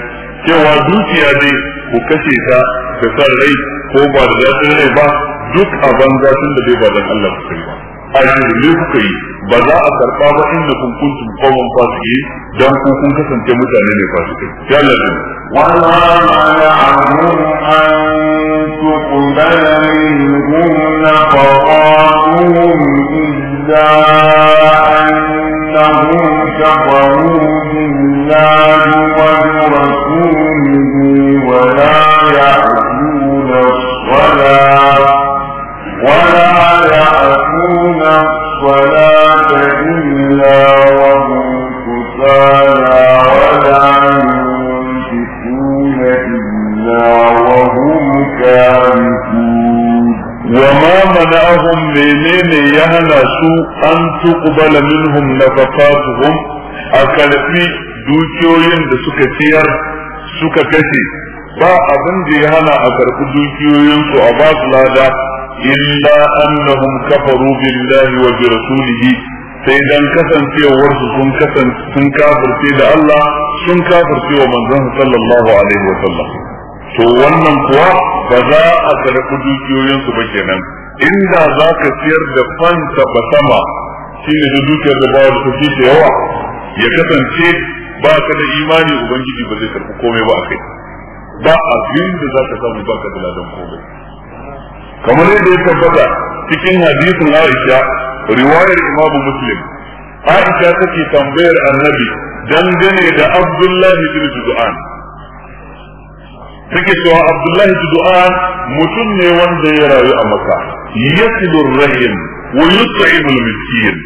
cewa dukiya ne ku kashe ta da san rai ko ba da zafin rai ba duk a banza tun da bai ba dan Allah kuka yi ba a ba za a karɓa ba inda kun kuntum qawman fasiki don ku kun kasance mutane ne fasikai ya Allah ma an minhum illa annahum kafaru ya hana su an tuqbala minhum nafaqatuhum a karfi dukiyoyin da suka ciyar suka kashe ba abin da ya hana a karɓi dukiyoyinsu a ba su lada illa annahum kafaru billahi wa bi rasulihi sai dan kasancewar su sun kasance sun kafirce da Allah sun kafirce wa manzon sallallahu alaihi wa sallam to wannan kuwa ba za a karɓi dukiyoyinsu ba kenan inda za ka siyar da fanta ba sama shi ne dukiyar da bawa da kuke da yawa ya kasance ba ka da imani ubangiji ba zai karɓi komai ba a kai ba abin da za ka samu ba ka da ladan komai kamar yadda ya tabbata cikin hadisin Aisha riwayar imamu Muslim Aisha take tambayar Annabi dangane da Abdullahi bin Judu'an take cewa Abdullahi Judu'an mutum ne wanda ya rayu a Makka yasilu rahim wa yut'imu al-miskin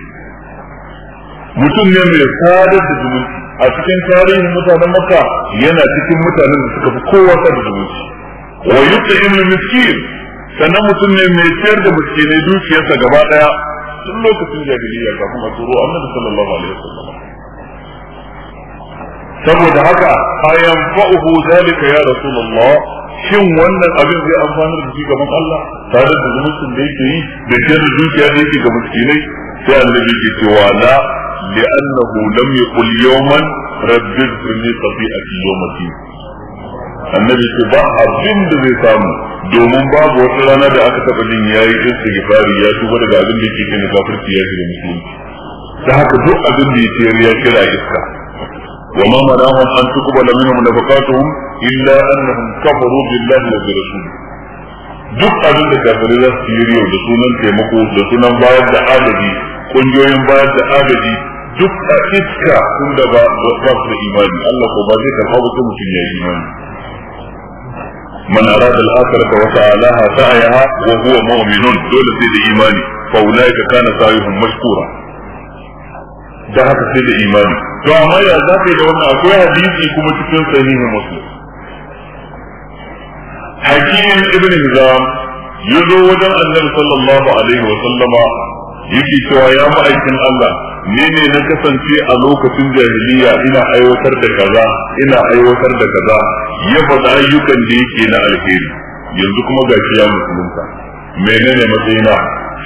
mutum ne mai sadar da zumunci a cikin tarihin mutanen makka yana cikin mutanen da suka fi kowa sadar zumunci wa yut'imu al-miskin sannan mutum ne mai ciyar da miskinai dukiyarsa gaba daya tun lokacin jahiliya kafin a turo annabi sallallahu alaihi wasallam saboda haka ayan fa'uhu zalika ya rasulullah shin wannan abin zai amfanar da shi gaban Allah tare da zumuncin da yake yi da shi da zuciya da yake ga miskinai sai annabi ke cewa la li'annahu lam yaqul yawman rabbi zirni qati'ati yawmati annabi ce ba abin da zai samu domin babu wata rana da aka taba jin yayi istighfari ya tuba daga abin da yake cikin kafirci ya shiga musulunci da haka duk abin da yake ya kira iska وما منعهم أن تقبل منهم نفقاتهم إلا أنهم كفروا بالله وبرسوله duk abin da kafirai za su yi da sunan taimako da sunan bayar da agaji kungiyoyin bayar da agaji duk a iska tun da ba ba su da imani Allah ko ba zai karɓa ba mutum ya imani man arada al-akhirata wa sa'alaha sa'yaha wa huwa mu'minun dole sai da imani fa ulaika kana sa'yuhum mashkura da haka sai da imani to amma ya za yi da wannan akwai hadisi kuma cikin sahihin muslim hakim ibn hizam ya zo wajen annabi sallallahu alaihi wa sallama yake cewa ya ma'aikin Allah ne ne na kasance a lokacin jahiliya ina aiwatar da kaza ina aiwatar da kaza ya faɗa ayyukan da yake na alheri yanzu kuma gashi ya musulunta menene matsayina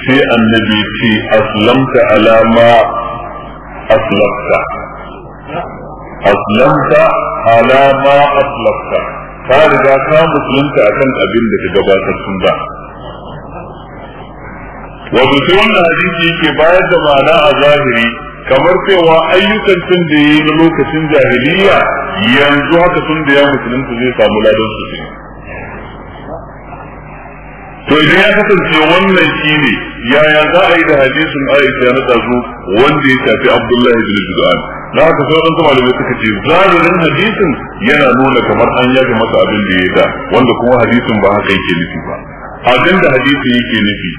sai annabi ce aslamta alama aslamta aslamta ala ma aslafta ka riga musulunta akan abin da ka gabatar sun ba wato sai wannan hadisi yake bayar da mana a zahiri kamar cewa ayyukan tun da yi na lokacin jahiliya yanzu haka tun da ya musulunta zai samu ladan su to idan ya kasance wannan shi ne yaya za a yi da hadisin Aisha na tazo wanda ya shafi Abdullah ibn Zubair na haka sai wannan malamai suka ce zarurin hadisin yana nuna kamar an yaga masa abin da ya da wanda kuma hadisin ba haka yake nufi ba abin da hadisi yake nufi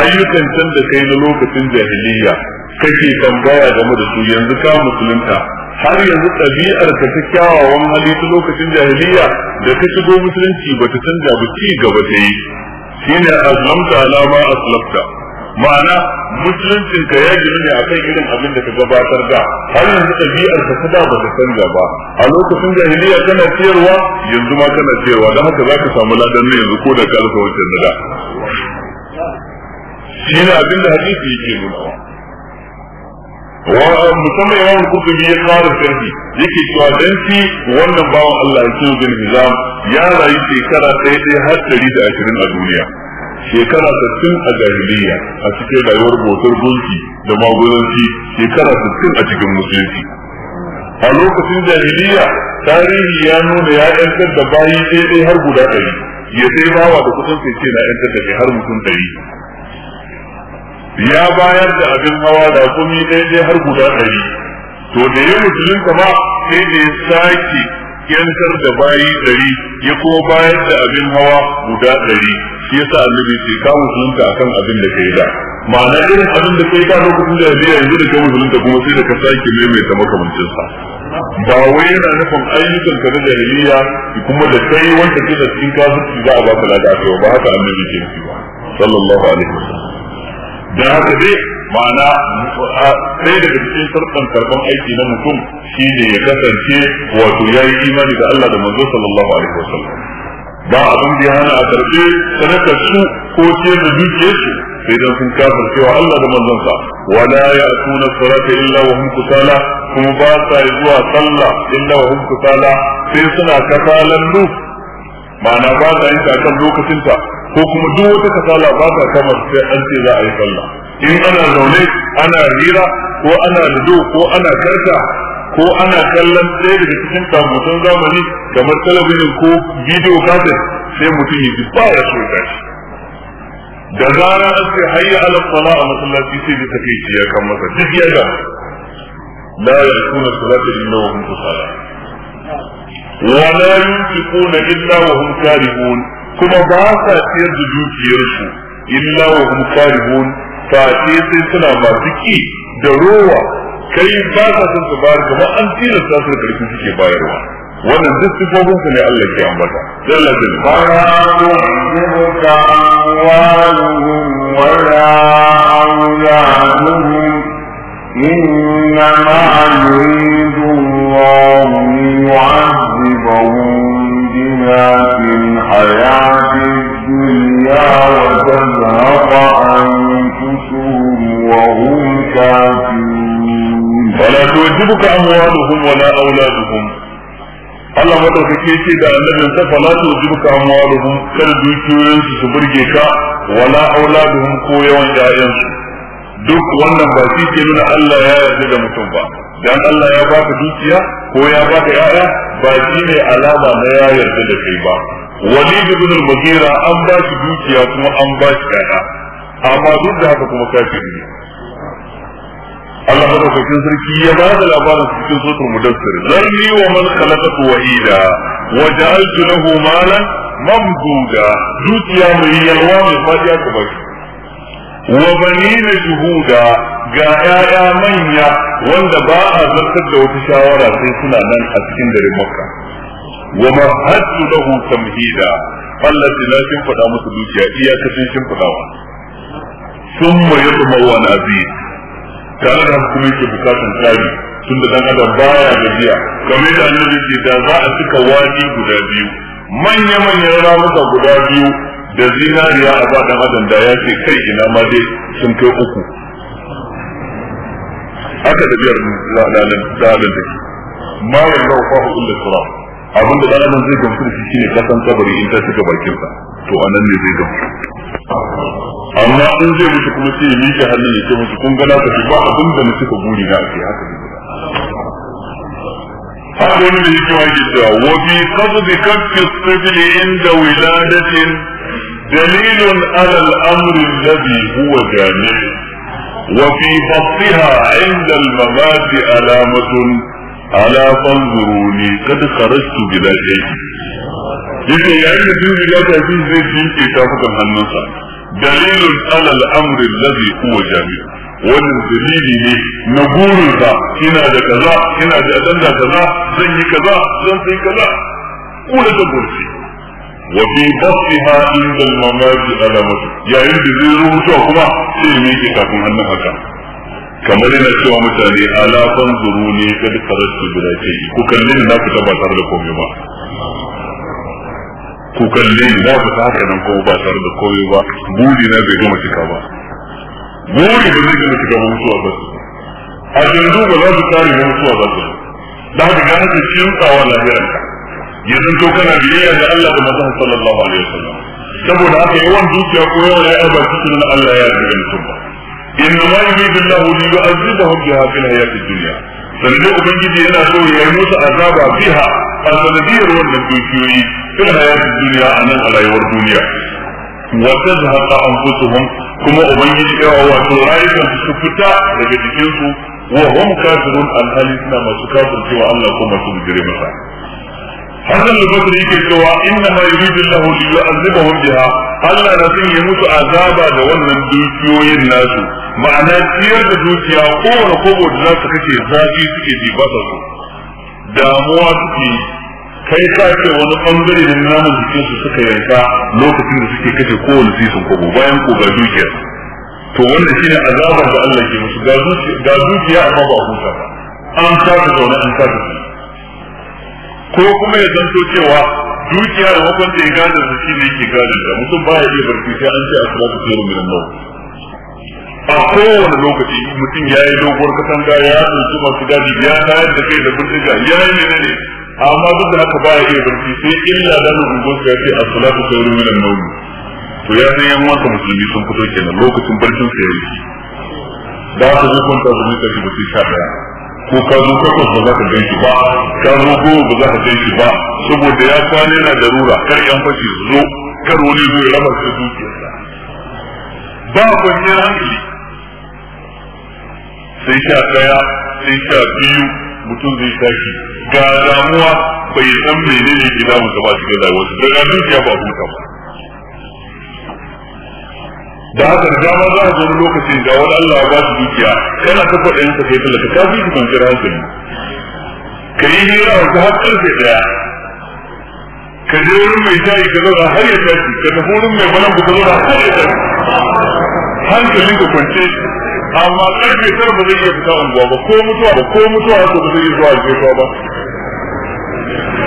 ayyukan can da kai na lokacin jahiliya kake tambaya game da su yanzu ka musulunta har yanzu ɗabi'ar ka ta kyawawan hali lokacin jahiliya da ka shigo musulunci ba ta canja ba ci gaba ta yi shine azlamta ala ma aslafta ma'ana musuluncin ka ya gina ne akan irin abin da ka gabatar da har yanzu ɗabi'ar ka kuma ba ta canza ba a lokacin jahiliya kana ciyarwa yanzu ma kana ciyarwa don haka za ka samu ladan ne yanzu ko da ka rasa wancan da shine abin da hadisi yake nunawa musamman yawan kurkubi ya kara sirri yake cewa dan shi wannan bawan Allah ya kiyo bin Hizam ya rayu shekara ɗaya ɗaya har ɗari da ashirin a duniya shekara sittin a jahiliya a cikin rayuwar bautar gunki da magudanci shekara sittin a cikin musulunci a lokacin jahiliya tarihi ya nuna ya yantar da bayi ɗaya har guda ɗari ya sai bawa da kusan ce na yantar da har mutum ɗari ya bayar da abin hawa da kumi daidai har guda ɗari to da ya musulunta ba sai da ya sake yantar da bayi ɗari ya kuma bayar da abin hawa guda ɗari shi yasa annabi ce ka ka akan abin da kai da ma'ana irin abin da kai da lokacin da ya yanzu da ka musulunta kuma sai da ka sake maimaita sa ba wai yana nufin ayyukan ka na jahiliya kuma da kai wanda kake cikin kafirci za a baka lada ba haka annabi ke ba sallallahu alaihi wasallam da haka dai ma'ana sai daga cikin sarfan karban aiki na mutum shi ne ya kasance wato ya yi imani da Allah da manzo sallallahu alaihi wasallam ba abin da ya hana a karɓe sadakar su ko ce da dukiyar su sai dan sun kafar cewa Allah da manzonsa wala ya'tuna salata illa wa hum kusala kuma ba sa zuwa sallah illa wa hum kusala sai suna kafalan lu ma'ana ba sa yin kakan ta. ko kuma duk wata kasala ba ta kama sai an ce za a yi sallah in ana zaune ana hira ko ana lido ko ana karta ko ana kallon ɗaya daga cikin kamutan zamani kamar talabijin ko bidiyo kafin sai mutum ya ji ba ya so ya da zara an ce hayya ala sala a masallaci sai da take ci ya kan masa duk ya ga la yakuna salatu illa wa hum tusala wa la yunfiquna illa wa hum karihun kuma ba sa ciyar da dukiyarsu illa wa hum karihun fa sai suna masu ki da rowa kai ba sa san su bayar kuma an tilasta su karfi suke bayarwa wannan duk sifofin su ne Allah ke ambata wa Allah ya fara إنما يريد الله ليعذبهم في الحياة الدنيا وتزهق أنفسهم وهم كافرون فلا تعجبك أموالهم ولا أولادهم Allah madaukake ce da annabin sa fala tu jibuka amwaluhum kar dukiyoyin su su burge ka wala auladuhum ko yawan ƴaƴan su duk wannan ba shi ke nuna Allah ya yarda da mutum ba dan Allah ya baka dukiya ko ya baka ƴaƴa ba shi ne alama na ya yarda da kai ba walid ibn al-mughira an ba shi dukiya kuma an ba shi kana amma duk da haka kuma kafiri ne Allah ya ɗaukakin sarki ya ba da labarin cikin sotar mudassir zarni wa man khalaqatu wahida wa ja'altu lahu malan mamduda dukiya mai yalwa mai fadiya ka bashi wa banina juhuda ga 'ya'ya manya wanda ba zartar da wata shawara sai suna nan a cikin garin makka wa mahaddu lahu tamhida Allah na shin musu dukiya iyakacin shin fadawa summa wa nabi tare da kuma yake bukatun tsari tun da dan adam baya gajiya kamar da annabi ke da za a cika wadi guda biyu manya-manyan ramuka guda biyu da zinariya a ba dan adam da ya ce kai ina ma dai sun kai uku aka da biyar lalan lalan take ma yanzu fa inda sura abin da dan adam zai gamsu da shi ne kasan kabari in ta shiga bakin To to anan ne zai gamsu amma in zai mutu kuma sai ya miƙe hannun ya ce kun gana ka ba abin da na cika buri na ake haka ne haka wani da yake wa ke cewa wa bi qabdi kaffi inda wiladatin دليل على الامر الذي هو جامع وفي بسطها عند الممات علامة على فانظروني قد خرجت بلا شيء. يعني يعني في بلا تعزيز زي في كتابك النص دليل على الامر الذي هو جامع. wannan dalili ne na burinsa ina da kaza ina da adanda kaza zan yi kaza wa fi basfiha inda al-mamati alamatu yayin da zai zo kuma sai ne ke kafin hannun haka kamar yana cewa mutane ala fanzuru ne kad karatu bila kai ku kalle ni na fita ba tare da komai ba ku kalle ni na fita haka nan da komai ba buri na bai gama cika ba ba zai mutuwa ba a za su mutuwa ba ya zanto kana biyayya ga Allah da manzon sallallahu alaihi wasallam saboda haka yawan dukiya ko yawan ya ba cikin Allah ya yarda da mutum ba inna ma yuridu Allah li yu'azzibahum biha fil hayati dunya sanne ubangiji yana so ya yi musu azaba biha a sanadiyar wannan dukiyoyi fil hayati dunya a nan a rayuwar duniya wa tazhaqa anfusuhum kuma ubangiji ya wato rayukan su fita daga jikinsu wa hum kafirun alhali suna masu kafircewa Allah ko masu bijire masa hasan da basri yake cewa inna ma yuridu ya li yu'azzibahum biha Allah na san ya mutu azaba da wannan dukiyoyin nasu ma'ana ciyar da dukiya kowane kobo da za su kace zafi suke ji ba su damuwa suke kai ka ce wani bangare da namun jikin su suka yanka lokacin da suke kace kowane sisin kobo bayan ko ga dukiya to wanda shine azabar da Allah ke musu ga dukiya amma ba huta ba an sa ta zaune an sa ta ko kuma ya zanto cewa dukiya da makon ya gadar da shi ne yake gadon da mutum baya iya barci sai an ce a sulatu khairu mai nawm a kowane lokaci mutum ya yi doguwar katanga ya su masu gadi ya tayar da kai da bindiga ya yi menene amma duk da haka baya iya barci sai illa da nan ungo ya ce a sulatu khairu mai nawm to ya san yan wata musulmi sun fito kenan lokacin barcin sa ya yi da haka zai kwanta zuwa kashi mutum sha daya ko ka zo takwas ba za ka gan shi ba ka zo goma ba za ka gan shi ba saboda ya kwana yana da rura kar yan fashi zo kar wani zo ya raba su dukiyarsa ba kwanciyar hankali sai sha daya sai sha biyu mutum zai tashi ga damuwa bai san menene ke damun ba cikin rayuwarsa daga dukiya ba huta ba da haka da ma za a zo lokacin da wani Allah ba su dukiya yana ta faɗa yin kai talaka ta fi su kwanciyar hankali ka yi hira wata har ƙarfe ɗaya ka je wurin mai shayi ka zauna har ya tashi ka tafi wurin mai balan ka zauna har ya tashi hankalin ka kwance amma ƙarfe tara ba zai iya fita unguwa ba ko mutuwa ba ko mutuwa ba zai iya zuwa a ba